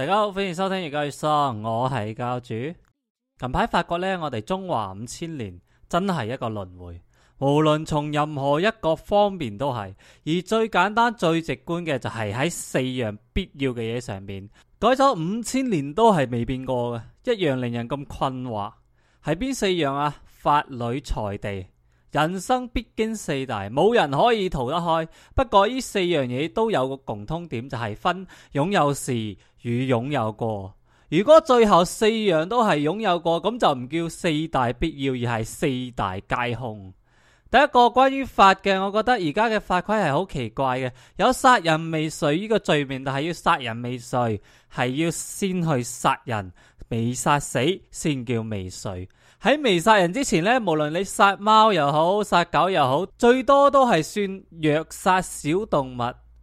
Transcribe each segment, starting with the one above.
大家好，歡迎收聽《月教月說》，我係教主。近排發覺咧，我哋中華五千年真係一個輪迴，無論從任何一個方面都係。而最簡單、最直觀嘅就係喺四樣必要嘅嘢上邊，改咗五千年都係未變過嘅，一樣令人咁困惑。係邊四樣啊？法、侶、財、地、人生必經四大，冇人可以逃得開。不過呢四樣嘢都有個共通點，就係、是、分擁有時。與擁有過，如果最後四樣都係擁有過，咁就唔叫四大必要，而係四大皆空。第一個關於法嘅，我覺得而家嘅法規係好奇怪嘅，有殺人未遂呢個罪名，但係要殺人未遂係要先去殺人，未殺死先叫未遂。喺未殺人之前呢，無論你殺貓又好，殺狗又好，最多都係算虐殺小動物，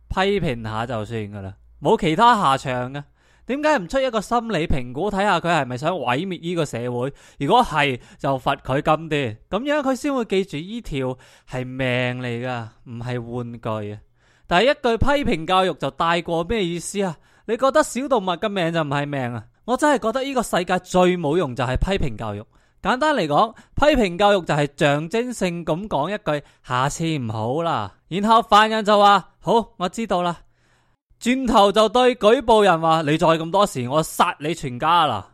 批評下就算噶啦。冇其他下場嘅，點解唔出一個心理評估睇下佢係咪想毀滅呢個社會？如果係就罰佢咁啲。咁樣佢先會記住呢條係命嚟噶，唔係玩具啊！但係一句批評教育就帶過咩意思啊？你覺得小動物嘅命就唔係命啊？我真係覺得呢個世界最冇用就係批評教育。簡單嚟講，批評教育就係象徵性咁講一句下次唔好啦，然後犯人就話，好，我知道啦。轉頭就對舉報人話：你再咁多事，我殺你全家啦！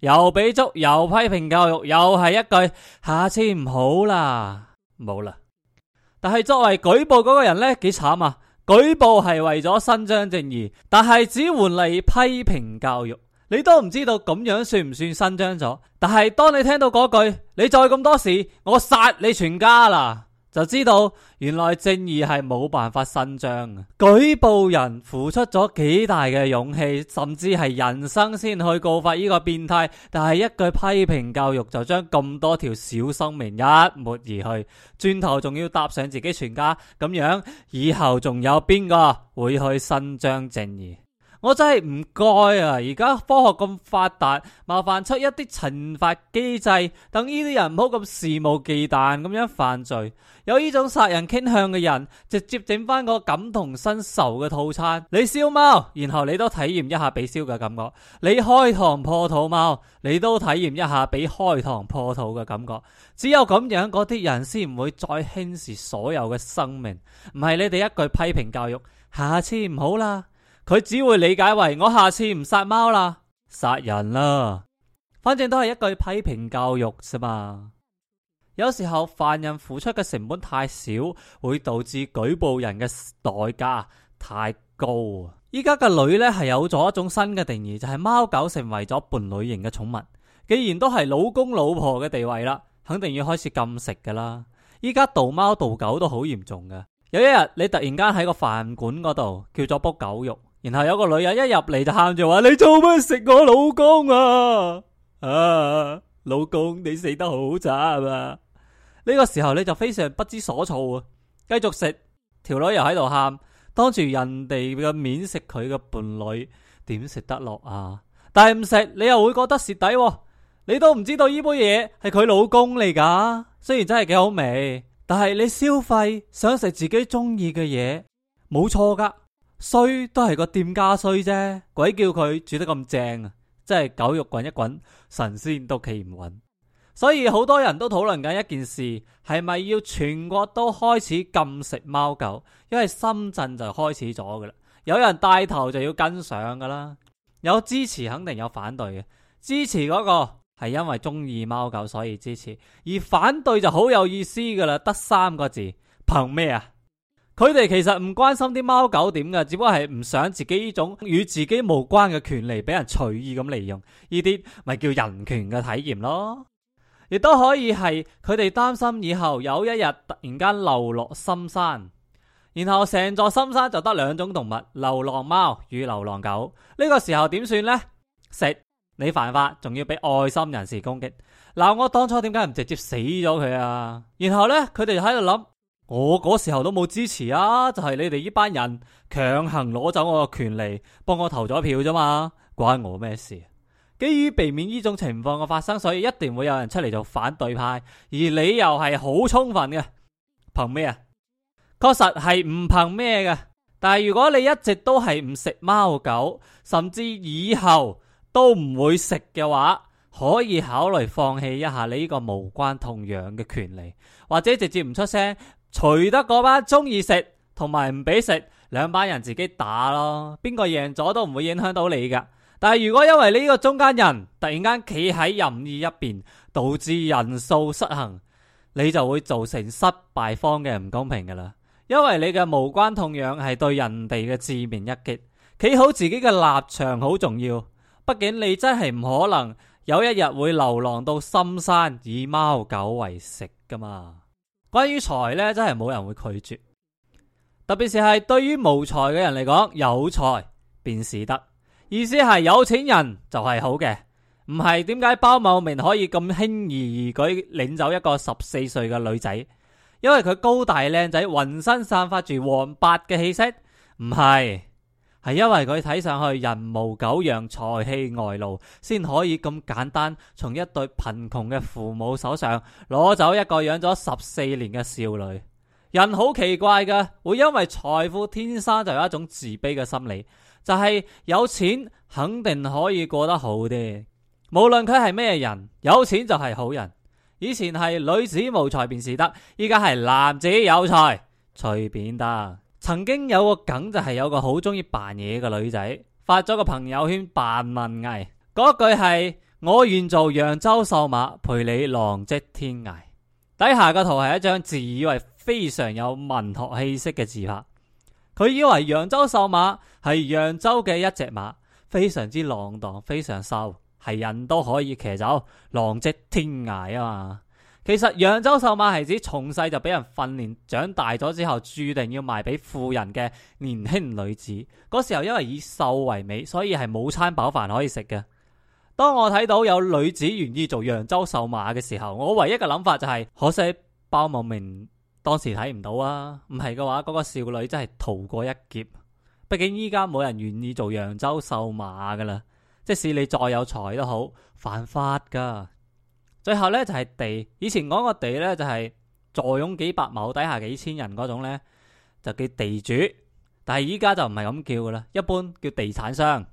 又俾捉，又批評教育，又係一句下次唔好啦，冇啦。但係作為舉報嗰個人呢，幾慘啊！舉報係為咗伸張正義，但係只換嚟批評教育，你都唔知道咁樣算唔算伸張咗？但係當你聽到嗰句，你再咁多事，我殺你全家啦！就知道原來正義係冇辦法伸張，舉報人付出咗幾大嘅勇氣，甚至係人生先去告發呢個變態，但係一句批評教育就將咁多條小生命一抹而去，轉頭仲要搭上自己全家，咁樣以後仲有邊個會去伸張正義？我真係唔該啊！而家科學咁發達，麻煩出一啲懲罰機制，等呢啲人唔好咁肆無忌憚咁樣犯罪。有呢種殺人傾向嘅人，直接整翻個感同身受嘅套餐。你燒貓，然後你都體驗一下被燒嘅感覺；你開膛破肚貓，你都體驗一下被開膛破肚嘅感覺。只有咁樣，嗰啲人先唔會再輕視所有嘅生命。唔係你哋一句批評教育，下次唔好啦。佢只會理解為我下次唔殺貓啦，殺人啦，反正都係一句批評教育啫嘛。有時候犯人付出嘅成本太少，會導致舉報人嘅代價太高。而家嘅侶呢係有咗一種新嘅定義，就係、是、貓狗成為咗伴侶型嘅寵物。既然都係老公老婆嘅地位啦，肯定要開始禁食噶啦。而家盜貓盜狗都好嚴重嘅。有一日你突然間喺個飯館嗰度叫咗煲狗肉，然後有個女人一入嚟就喊住話：你做咩食我老公啊？啊，老公你死得好慘啊！呢個時候你就非常不知所措啊！繼續食，條女又喺度喊，當住人哋嘅面食佢嘅伴侶，點食得落啊？但係唔食，你又會覺得蝕底啊。你都唔知道呢杯嘢係佢老公嚟噶，雖然真係幾好味，但係你消費想食自己中意嘅嘢，冇錯噶。衰都係個店家衰啫，鬼叫佢煮得咁正啊！真係狗肉滾一滾，神仙都企唔穩。所以好多人都討論緊一件事，係咪要全國都開始禁食貓狗？因為深圳就開始咗噶啦，有人帶頭就要跟上噶啦。有支持肯定有反對嘅，支持嗰個係因為中意貓狗所以支持，而反對就好有意思噶啦，得三個字：憑咩啊？佢哋其實唔關心啲貓狗點嘅，只不過係唔想自己呢種與自己無關嘅權利俾人隨意咁利用，呢啲咪叫人權嘅體驗咯。亦都可以係佢哋擔心以後有一日突然間流落深山，然後成座深山就得兩種動物流浪貓與流浪狗，呢個時候點算呢？食你犯法，仲要俾愛心人士攻擊。嗱，我當初點解唔直接死咗佢啊？然後呢，佢哋喺度諗。我嗰時候都冇支持啊，就係你哋呢班人強行攞走我嘅權利，幫我投咗票啫嘛，關我咩事？基於避免呢種情況嘅發生，所以一定會有人出嚟做反對派，而理由係好充分嘅。憑咩啊？確實係唔憑咩嘅。但係如果你一直都係唔食貓狗，甚至以後都唔會食嘅話，可以考慮放棄一下你呢個無關痛癢嘅權利，或者直接唔出聲。除得嗰班中意食同埋唔俾食兩班人自己打咯，邊個贏咗都唔會影響到你噶但係如果因為呢個中間人突然間企喺任意一邊，導致人數失衡，你就會造成失敗方嘅唔公平噶啦。因為你嘅無關痛癢係對人哋嘅致命一擊，企好自己嘅立場好重要。畢竟你真係唔可能有一日會流浪到深山以貓狗為食噶嘛。關於財咧，真係冇人會拒絕，特別是係對於無財嘅人嚟講，有財便是得。意思係有錢人就係好嘅，唔係點解鮑某明可以咁輕而易舉領走一個十四歲嘅女仔？因為佢高大靚仔，渾身散發住黃白嘅氣息，唔係。係因為佢睇上去人模狗樣，財氣外露，先可以咁簡單從一對貧窮嘅父母手上攞走一個養咗十四年嘅少女。人好奇怪嘅，會因為財富天生就有一種自卑嘅心理，就係、是、有錢肯定可以過得好啲。無論佢係咩人，有錢就係好人。以前係女子無才便是德；依家係男子有才隨便得。曾經有個梗就係，有個好中意扮嘢嘅女仔發咗個朋友圈扮文藝，嗰句係我願做揚州瘦馬，陪你浪跡天涯。底下個圖係一張自以為非常有文學氣息嘅自拍，佢以為揚州瘦馬係揚州嘅一隻馬，非常之浪蕩，非常瘦，係人都可以騎走，浪跡天涯啊嘛！其實揚州瘦馬係指從細就俾人訓練，長大咗之後注定要賣俾富人嘅年輕女子。嗰時候因為以瘦為美，所以係冇餐飽飯可以食嘅。當我睇到有女子願意做揚州瘦馬嘅時候，我唯一嘅諗法就係可惜包茂明當時睇唔到啊！唔係嘅話，嗰個少女真係逃過一劫。畢竟依家冇人願意做揚州瘦馬噶啦，即使你再有才都好，犯法噶。最後咧就係地，以前講個地咧就係坐擁幾百畝底下幾千人嗰種咧，就叫地主。但係依家就唔係咁叫噶啦，一般叫地產商。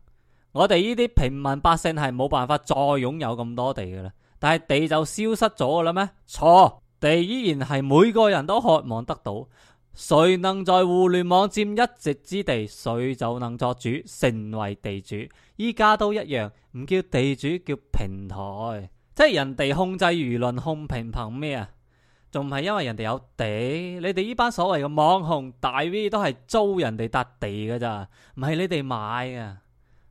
我哋呢啲平民百姓係冇辦法再擁有咁多地噶啦，但係地就消失咗噶啦咩？錯，地依然係每個人都渴望得到。誰能在互聯網佔一席之地，誰就能作主，成為地主。依家都一樣，唔叫地主，叫平台。即係人哋控制輿論控評憑咩啊？仲唔係因為人哋有地，你哋呢班所謂嘅網紅大 V 都係租人哋笪地嘅咋，唔係你哋買嘅。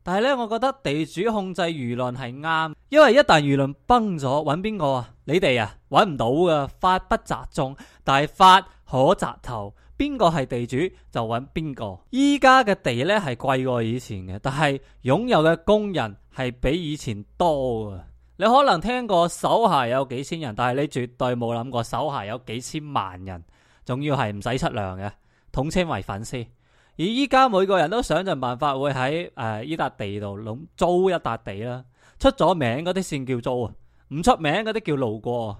但係咧，我覺得地主控制輿論係啱，因為一旦輿論崩咗，揾邊個啊？你哋啊，揾唔到嘅，法不責眾，但係法可責頭。邊個係地主就揾邊個。依家嘅地咧係貴過以前嘅，但係擁有嘅工人係比以前多啊。你可能聽過手下有幾千人，但係你絕對冇諗過手下有幾千萬人，仲要係唔使出糧嘅，統稱為粉絲。而依家每個人都想盡辦法會喺誒呢笪地度租一笪地啦。出咗名嗰啲先叫租啊，唔出名嗰啲叫路過。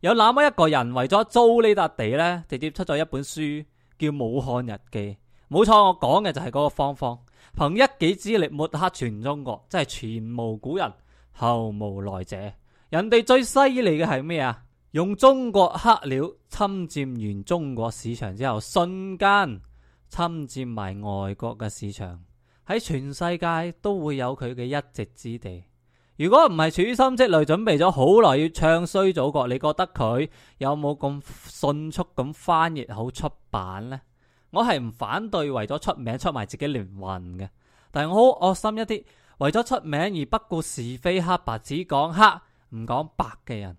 有那麼一個人為咗租呢笪地咧，直接出咗一本書，叫《武漢日記》。冇錯，我講嘅就係嗰個方方，憑一己之力抹黑全中國，真係全無古人。後無來者，人哋最犀利嘅係咩啊？用中國黑料侵占完中國市場之後，瞬間侵占埋外國嘅市場，喺全世界都會有佢嘅一席之地。如果唔係處心積慮準備咗好耐要唱衰祖國，你覺得佢有冇咁迅速咁翻譯好出版呢？我係唔反對為咗出名出賣自己靈魂嘅，但係我好惡心一啲。為咗出名而不顧是非黑白，只講黑唔講白嘅人，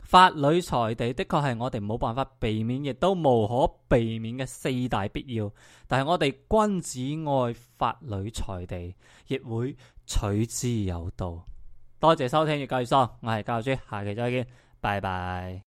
法侶財地的確係我哋冇辦法避免，亦都無可避免嘅四大必要。但係我哋君子愛法侶財地，亦會取之有道。多謝收聽《越教越爽》，我係教育主，下期再見，拜拜。